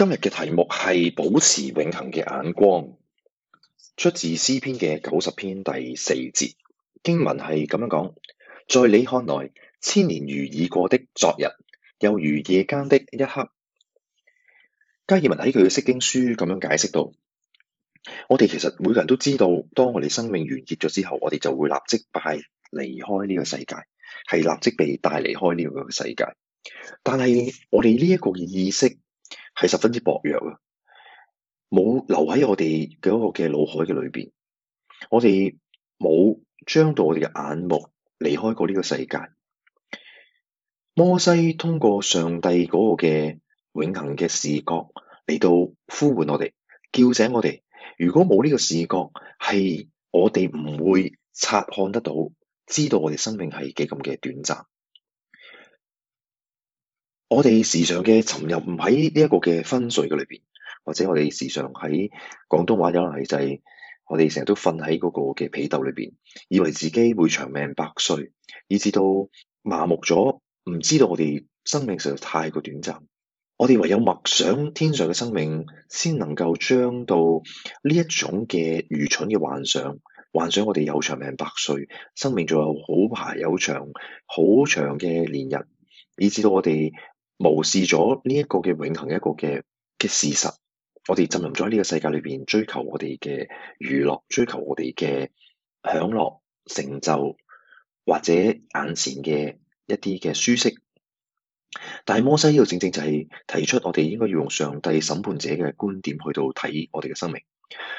今日嘅題目係保持永恒嘅眼光，出自詩篇嘅九十篇第四節。經文係咁樣講：在你看來，千年如已過的昨日，又如夜間的一刻。加爾文喺佢嘅釋經書咁樣解釋道：我哋其實每個人都知道，當我哋生命完結咗之後，我哋就會立即拜離開呢個世界，係立即被帶離開呢個世界。但係我哋呢一個嘅意識。係十分之薄弱嘅，冇留喺我哋嘅一個嘅腦海嘅裏邊，我哋冇將到我哋嘅眼目離開過呢個世界。摩西通過上帝嗰個嘅永恆嘅視角嚟到呼喚我哋，叫醒我哋。如果冇呢個視覺，係我哋唔會察看得到，知道我哋生命係幾咁嘅短暫。我哋時常嘅沉入唔喺呢一個嘅昏睡嘅裏邊，或者我哋時常喺廣東話有，係就係我哋成日都瞓喺嗰個嘅被竇裏邊，以為自己會長命百歲，以至到麻木咗，唔知道我哋生命實在太過短暫。我哋唯有默想天上嘅生命，先能夠將到呢一種嘅愚蠢嘅幻想，幻想我哋有長命百歲，生命仲有好排有長好長嘅年日，以至到我哋，無視咗呢一個嘅永恆一個嘅嘅事實，我哋浸入咗喺呢個世界裏邊追求我哋嘅娛樂，追求我哋嘅享樂、成就或者眼前嘅一啲嘅舒適。但係摩西呢度正正就係提出我哋應該要用上帝審判者嘅觀點去到睇我哋嘅生命。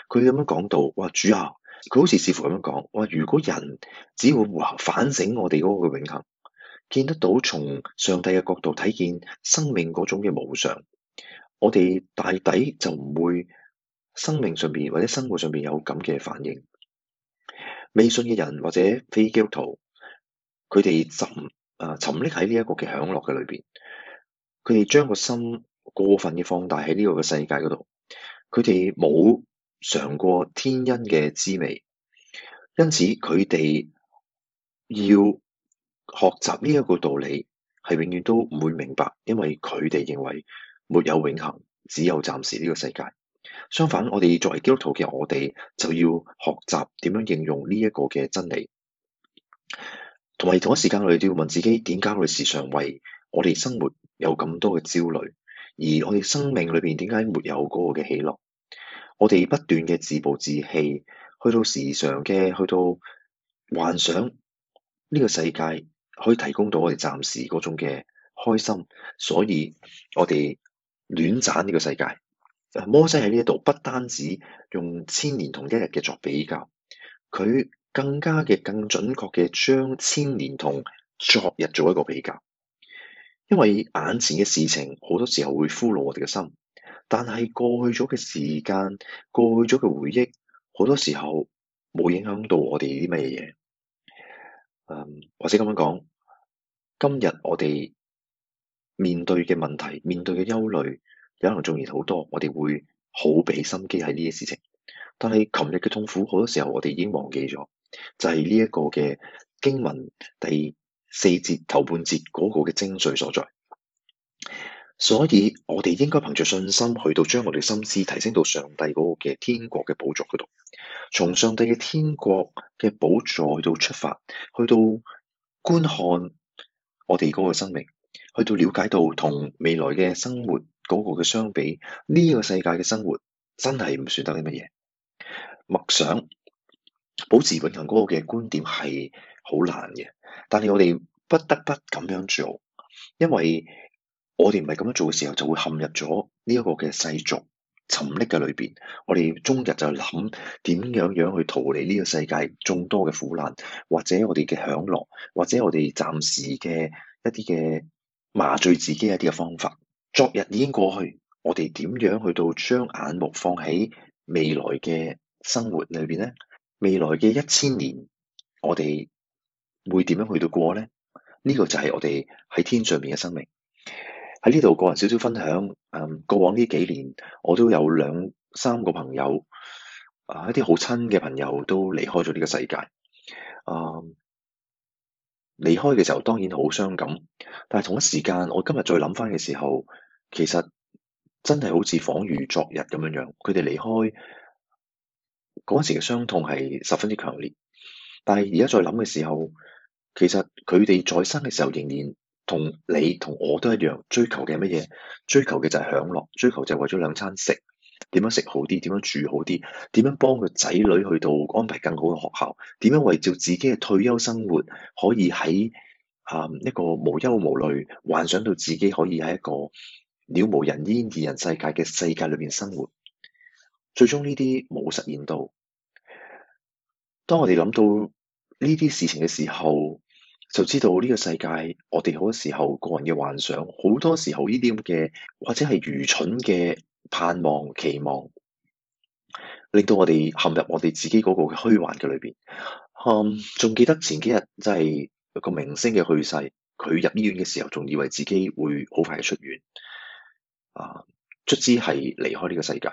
佢咁樣講到：哇，主啊！佢好似似乎咁樣講：哇！如果人只要反省我哋嗰個永恆。見得到從上帝嘅角度睇見生命嗰種嘅無常，我哋大抵就唔會生命上邊或者生活上邊有咁嘅反應。未信嘅人或者非基督徒，佢哋沉啊沉溺喺呢一個嘅享樂嘅裏邊，佢哋將個心過分嘅放大喺呢個嘅世界嗰度，佢哋冇嘗過天恩嘅滋味，因此佢哋要學習呢一個道理，係永遠都唔會明白，因為佢哋認為沒有永恆，只有暫時呢個世界。相反，我哋作為基督徒嘅我哋就要學習點樣應用呢一個嘅真理。同埋同一時間，我哋都要問自己：點解我哋時常為我哋生活有咁多嘅焦慮？而我哋生命裏邊點解沒有嗰個嘅喜樂？我哋不斷嘅自暴自棄，去到時常嘅，去到幻想呢個世界，可以提供到我哋暫時嗰種嘅開心，所以我哋戀棧呢個世界。摩西喺呢一度不單止用千年同一日嘅作比較，佢更加嘅更準確嘅將千年同昨日做一個比較。因為眼前嘅事情好多時候會俘虜我哋嘅心，但係過去咗嘅時間、過去咗嘅回憶，好多時候冇影響到我哋啲乜嘢嘢。嗯，或者咁樣講。今日我哋面對嘅問題、面對嘅憂慮，有可能仲要好多，我哋會好俾心機喺呢啲事情。但係琴日嘅痛苦，好多時候我哋已經忘記咗，就係呢一個嘅經文第四節頭半節嗰個嘅精髓所在。所以我哋應該憑着信心去到，將我哋心思提升到上帝嗰個嘅天國嘅寶座嗰度，從上帝嘅天國嘅寶座去到出發，去到觀看。我哋嗰個生命，去到了解到同未來嘅生活嗰個嘅相比，呢、這個世界嘅生活真係唔算得啲乜嘢。默想保持永恆嗰個嘅觀點係好難嘅，但係我哋不得不咁樣做，因為我哋唔係咁樣做嘅時候，就會陷入咗呢一個嘅世俗，沉溺嘅裏邊，我哋終日就諗點樣樣去逃離呢個世界眾多嘅苦難，或者我哋嘅享樂，或者我哋暫時嘅一啲嘅麻醉自己一啲嘅方法。昨日已經過去，我哋點樣去到將眼目放喺未來嘅生活裏邊呢？未來嘅一千年，我哋會點樣去到過呢？呢個就係我哋喺天上面嘅生命。喺呢度個人少少分享，嗯，過往呢幾年我都有兩三個朋友，啊，一啲好親嘅朋友都離開咗呢個世界，嗯，離開嘅時候當然好傷感，但係同一時間，我今日再諗返嘅時候，其實真係好似恍如昨日咁樣樣，佢哋離開嗰時嘅傷痛係十分之強烈，但係而家再諗嘅時候，其實佢哋在生嘅時候仍然。同你同我都一樣，追求嘅係乜嘢？追求嘅就係享樂，追求就係為咗兩餐食，點樣食好啲，點樣住好啲，點樣幫個仔女去到安排更好嘅學校，點樣圍照自己嘅退休生活可以喺啊、嗯、一個無憂無慮，幻想到自己可以喺一個渺無人煙二人世界嘅世界裏面生活。最終呢啲冇實現到。當我哋諗到呢啲事情嘅時候，就知道呢個世界，我哋好多時候個人嘅幻想，好多時候呢啲咁嘅或者係愚蠢嘅盼望、期望，令到我哋陷入我哋自己嗰個虛幻嘅裏邊。仲、嗯、記得前幾日即係、就是、個明星嘅去世，佢入醫院嘅時候，仲以為自己會好快出院，啊，卒之係離開呢個世界，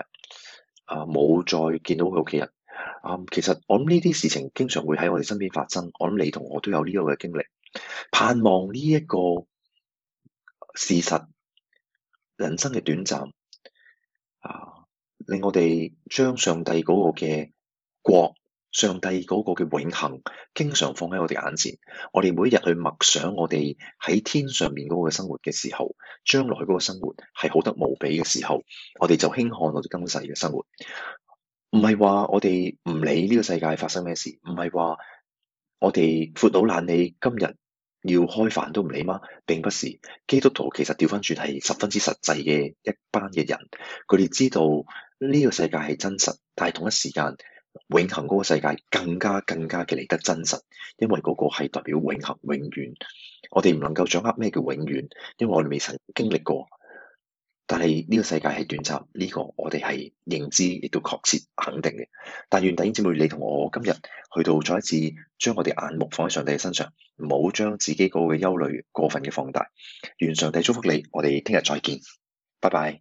啊，冇再見到佢屋企人。嗯，um, 其實我諗呢啲事情經常會喺我哋身邊發生，我諗你同我都有呢個嘅經歷。盼望呢一個事實，人生嘅短暫啊，令我哋將上帝嗰個嘅國、上帝嗰個嘅永恆，經常放喺我哋眼前。我哋每一日去默想我哋喺天上面嗰個生活嘅時候，將來嗰個生活係好得無比嘅時候，我哋就輕看我哋今世嘅生活。唔係話我哋唔理呢個世界發生咩事，唔係話我哋闊佬懶你今日要開飯都唔理嗎？並不是，基督徒其實調返轉係十分之實際嘅一班嘅人，佢哋知道呢個世界係真實，但係同一時間永恆嗰個世界更加更加嘅嚟得真實，因為嗰個係代表永恆永遠。我哋唔能夠掌握咩叫永遠，因為我哋未曾經歷過。但係呢個世界係短暫，呢個我哋係認知亦都確切肯定嘅。但願弟兄姊妹你同我今日去到再一次將我哋眼目放喺上帝嘅身上，唔好將自己個嘅憂慮過分嘅放大。願上帝祝福你，我哋聽日再見，拜拜。